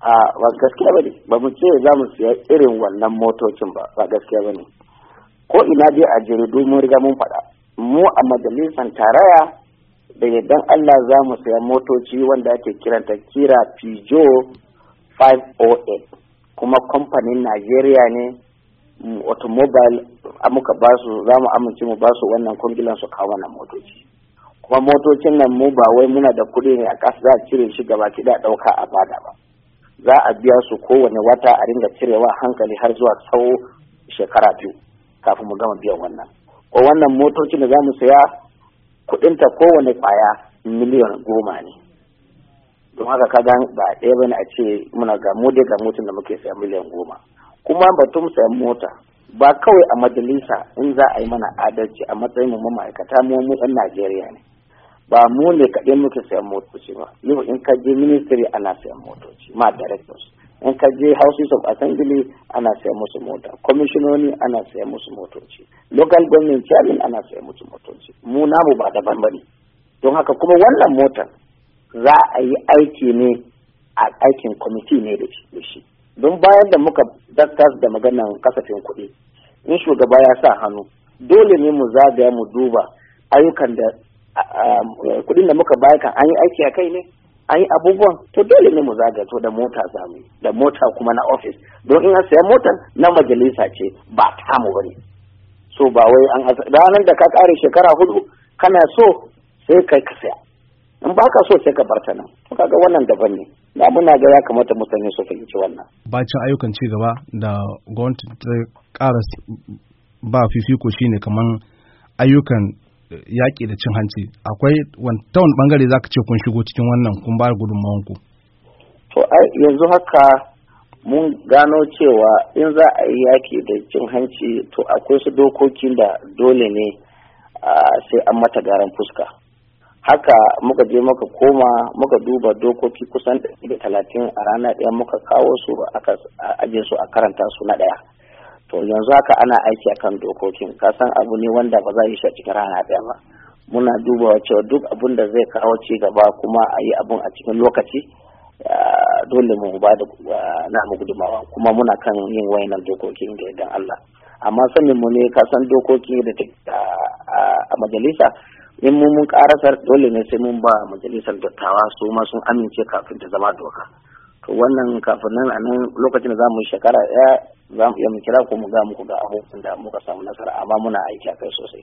a ba gaskiya bane ba mu ce za mu siya irin wannan motocin ba ba gaskiya bane ko ina dai a jaridu mun riga mun faɗa mu a majalisar taraya da yaddan Allah za mu siya motoci wanda ake kiranta kira Pijo 508 kuma kamfanin Najeriya ne automobile muka ba su za mu amince mu ba su wannan kungilan su kawo wannan motoci kuma motocin nan mu ba wai muna da kuɗi ne a ƙasa za a cire shi gaba ki da ɗauka a bada ba za a biya su kowane wata a ringa cirewa hankali har zuwa tsawo shekara biyu kafin mu gama biyan wannan ko wannan motocin da za mu saya kudinta kowane kwaya miliyan goma ne don haka ka kaga ba ɗaya bane a ce muna ga mu dai ga motocin da muke saya miliyan goma kuma batun sayan mota ba kawai a majalisa in za a yi mana adalci a matsayin mu ma'aikata mu mu ɗan Najeriya ne ba mu ne kaɗai muke sayan motoci ba yau in ka je ministry ana sayan motoci ma directors in ka je houses of assembly ana sayan musu mota commissiononi ana sayan musu motoci local government chairman ana sayan musu motoci mu namu ba daban bane don haka kuma wannan mota za a yi aiki ne a aikin committee ne da shi don bayan da muka daktas da maganan kasafin kuɗi in shugaba ya sa hannu dole ne mu zagaya mu duba ayyukan da Um, kuɗin da muka bayar kan an yi aiki a kai ne an yi abubuwan to dole ne mu zagato da mota zamu da mota kuma na ofis don in an saya motar na majalisa ce ba mu bane so ba wai an ranar da ka kare shekara hudu kana so sai kai ka saya in ba ka so sai ka bar ta nan kaga wannan daban ne da muna ga ya kamata mutane su fahimci wannan ba bacin ayyukan ci gaba da gwamnati ta ƙara ba fifiko shine kaman ayyukan yaƙi da cin hanci akwai ta wani bangare za ka ce kun shigo cikin wannan kun ba gudunmawan ku to ai yanzu haka mun gano cewa in za a yi yaƙi da cin hanci to akwai su dokokin da dole ne sai an mata garan fuska haka muka je muka koma muka duba dokoki kusan da talatin a rana ɗaya muka kawo su aka aje su a karanta su na ɗaya to yanzu haka ana aiki akan dokokin kasan abu ne wanda ba za a yi shi a cikin rana ɗaya ba muna duba cewa duk abin da zai kawo ci gaba kuma a yi abin a cikin lokaci ah, dole mu ba da ah, namu gudumawa kuma muna kan yin wayanan dokokin da idan Allah amma sanin mu ne ka dokoki da ah, a majalisa in mun mun karasar dole ne sai mun ba majalisar dattawa su ma sun amince kafin ta zama doka to wannan kafin nan a nan lokacin da za mu yi shekara ɗaya za mu iya mu kira ko mu ga muku ga abubuwan da muka samu nasara amma muna aiki a kai sosai